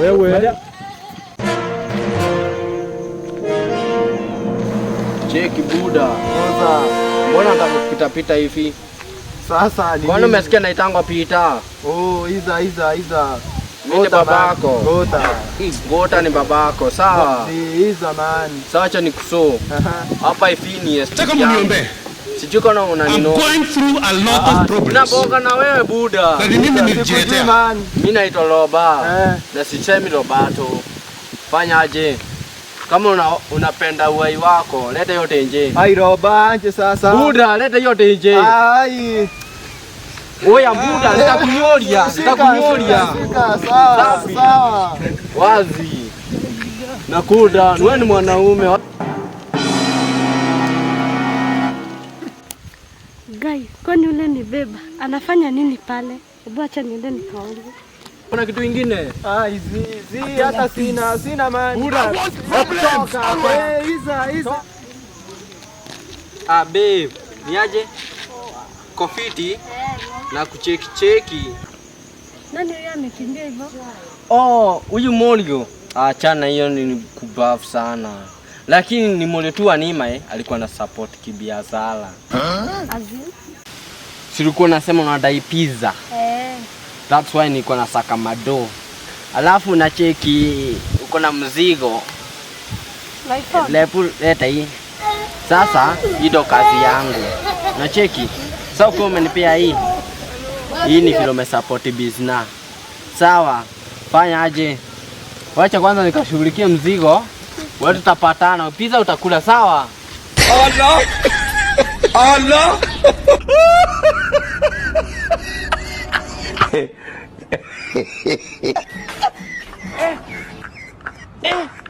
Wewe cheki buda, mbona nataka pita hivi sasa? Ni kwani umesikia naitangwa pita? Oh, iza iza iza babako Gota. Gota ni babako sawa, ni iza man. hapa hivi I'm going through a ah, na wewe buda. mimi naitwa Loba. Eh. Na sichemi Roberto. Fanya Kama una, unapenda uhai wako, leta yote nje. Ai Roba nje sasa. Buda, leta yote nje. Ai. Oya buda, eh. nitakunyoria, nitakunyoria. Sawa, sawa. Wazi. Nakuda, wewe ni mwanaume. Hai, kwani yule ni beba anafanya nini pale? Hebu acha niende nikaone. Kuna kitu kingine? Ah, hizi hizi hata sina sina mani. Hiza hiza. Ah, babe, niaje? Kofiti na kucheki cheki. Nani yeye amekimbia hivyo? Oh, huyu Morio. Ah, chana hiyo ni kubafu sana. Lakini ni Morio tu anima eh, alikuwa na support kibiashara. Huh? Azim silikuwa nasema unadai pizza eh. That's why niko na saka mado, alafu na cheki uko na mzigo lepu leta hii sasa, hii ndo kazi yangu na cheki sasa. Uko umenipea hii hii ni vile umesapoti bizna sawa. Fanya aje, wacha kwanza nikashughulikie mzigo wewe, tutapatana pizza utakula sawa. Allah Allah Eh. eh, eh, eh.